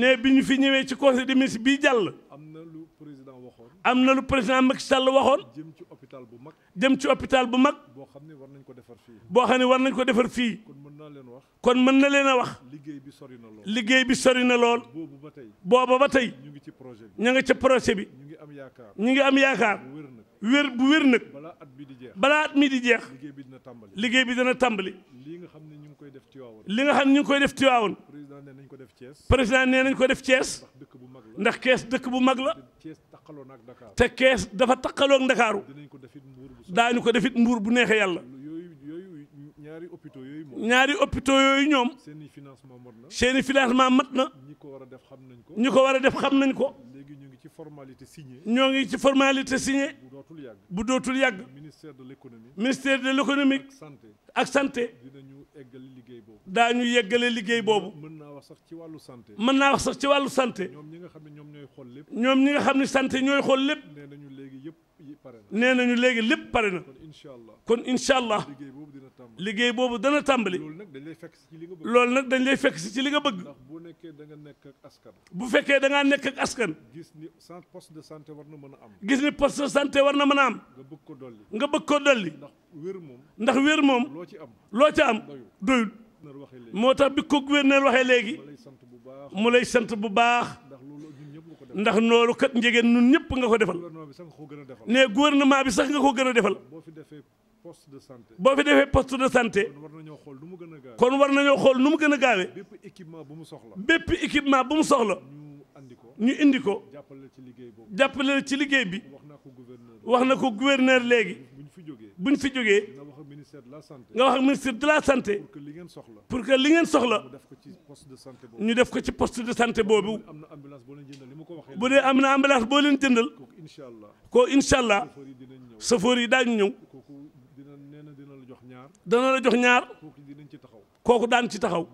ne bi ñu fi ñëwee ci conseil des ministres bii jàll. am na lu président waxoon. am na lu président Macky Sall waxoon. jëm ci hôpital bu mag. jëm ci hôpital bu mag. boo xam ne war nañ ko defar fii. boo xam ne war nañ ko defar fii. kon mën na leen wax. kon mën na leen a wax. liggéey bi sori na lool. liggéey bi sori na lool. boobu ba tey. booba ba tey. ñu ngi ci projet bi. ñu ngi ci projet bi. ñu ngi am yaakaar. ñu ngi am yaakaar. wér bu wér nag. balaa at bi di jeex. balaa at mi di jeex. liggéey bi dina tàmbali. liggéey bi dina tàmbali. li nga xam ne ñu ngi koy def Tivaouane président nee nañ ko def Thiès ndax Thiès dëkk bu mag la te Thiès dafa takkaloo ak Ndakaaru daañu ko defit mbuur bu neexee yàlla ñaari hôpitaux yooyu moom ñaari hôpitaux yooyu ñoom seeni financement mat na ñi ko war a def xam nañ ko formalité signé. ñoo ngi ci formalité signé. bu dootul yàgg bu dootul yàgg. ministère de l' économie. ministère de l' économie ak santé. ak santé. dinañu eggale liggéey boobu. daañu yeggale liggéey boobu. mën naa wax sax ci wàllu santé. mën naa wax sax ci wàllu santé. ñoom ñi nga xam ne ñoom ñooy xool lépp. ñoom ñi nga xam ne santé ñooy xool lépp. nee nañu léegi yëpp pare na. nee léegi lépp pare na. kon incha allah. liggéey boobu dana tàmbali loolu nag dañ lay fekk ci li nga bëgg loolu nag dañ lay fekk si ci li nga bëgg ndax bu nekkee da nga nekk ak askan bu fekkee da ngaa nekk ak askan gis ni poste de santé war na mën a am gis ni poste de santé war na mën a am nga bëgg ko dolli nga bëgg ko dolli ndax wér moom ndax wér moom loo ci am loo ci am doyul moo tax bi ko gouverneur waxee léegi mu lay sant bu baax ndax loolu kat njegeen ñun ñëpp nga ko defal ne maa bi sax nga ko gën a defal poste de santé boo fi defee poste de santé kon war nañoo xool nu mu gën a gaawee kon war nañoo xool nu mu gën a gaawee bépp équipement bu mu soxla bépp équipement bu mu soxla ñu indi ko jàppale ci liggéey boobu jàppale ci liggéey bi wax na ko gouverneur wax na ko gouverneur léegi buñ fi jógee buñ fi jógee nga wax ak ministère de la santé nga wax ak pour que li ngeen soxla pour que li ngeen soxla ñu def ko ci poste de santé boobu ñu def ko ci poste de boobu am na ambulance boo leen jëndal ni ko waxee bu dee am na ambulance boo leen jëndal kooku incha allah koo incha allah safoor yi daañu ñëw dana la jox ñaar koku daan ci taxaw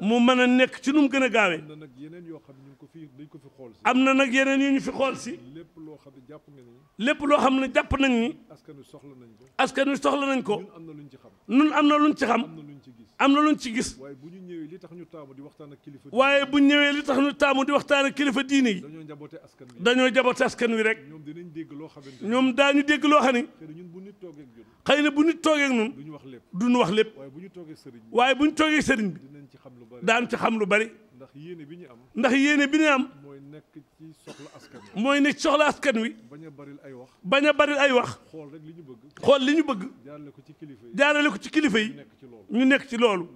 mu meuna nek ci nu mu gën a gaawee am na yeneen yu ñu fi xol ci lépp lo xamni jàpp nañ ni askanu soxla nañ ko nun amna luñ ci xam amna luñ ci gis waye bu ñu ñëwé li tax ñu taamu di waxtaan ak kilifa diine yi njaboote askan wi dañoo jaboote askan wi rek ñoom dinañ dégg loo xamante ñoom daañu dégg loo xam ni xëy na ñun bu nit toogee ak ñun xëy na bu nit toogee ak ñun wax lépp duñu wax lépp waaye bu ñu toogee sëriñ bi waaye bu ñu toogee bi dinañ ci xam lu bari daan ci xam lu bari ndax yéene bi ñu am ndax yéene bi ñu am mooy nekk ci soxla askan wi mooy nekk soxla askan wi bañ a baril ay wax bañ a baril ay wax xool rek li ñu bëgg xool li ñu bëgg jaarale ko ci kilifa jaarale ko ci kilifa yi ñu nekk ci loolu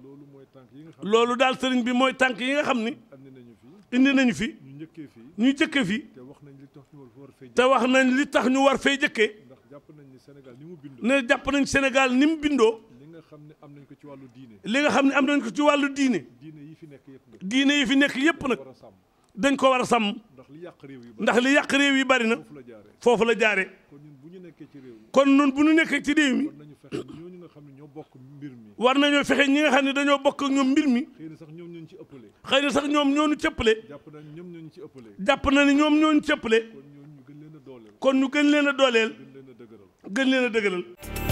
loolu daal sëriñ bi mooy tànk yi nga xam ni indi nañu fi ñu jëkke fi te wax nañ li tax ñu war fay jëkke ne jàpp nañ Sénégal ni mu bindo li nga xamni am nañ ko ci walu diine li nga xam am nañ ko ci wàllu diine diine yi fi nekk yëpp nag dañ ko war a sàmm ndax li yàq réew yi bari na foofu la jaare kon ñun bu ñu ci réew mi kon ñun bu ñu nekkee ci réew mi ñoo bokk mbir mi. war nañoo fexe ñi nga xam ne dañoo bokk ak ñoom mbir mi. xëy na sax ñoom ñoo ñu ci ëppale. xëy na sax ñoom ñoo ñu ci ëppale. jàpp na ñoom ñoo ñu ci ëppale. jàpp na ni ñoom ñoo ñu ci ëppale. kon ñu gën leen a dooleel. kon gën leen a dooleel. gën leen a dëgëral.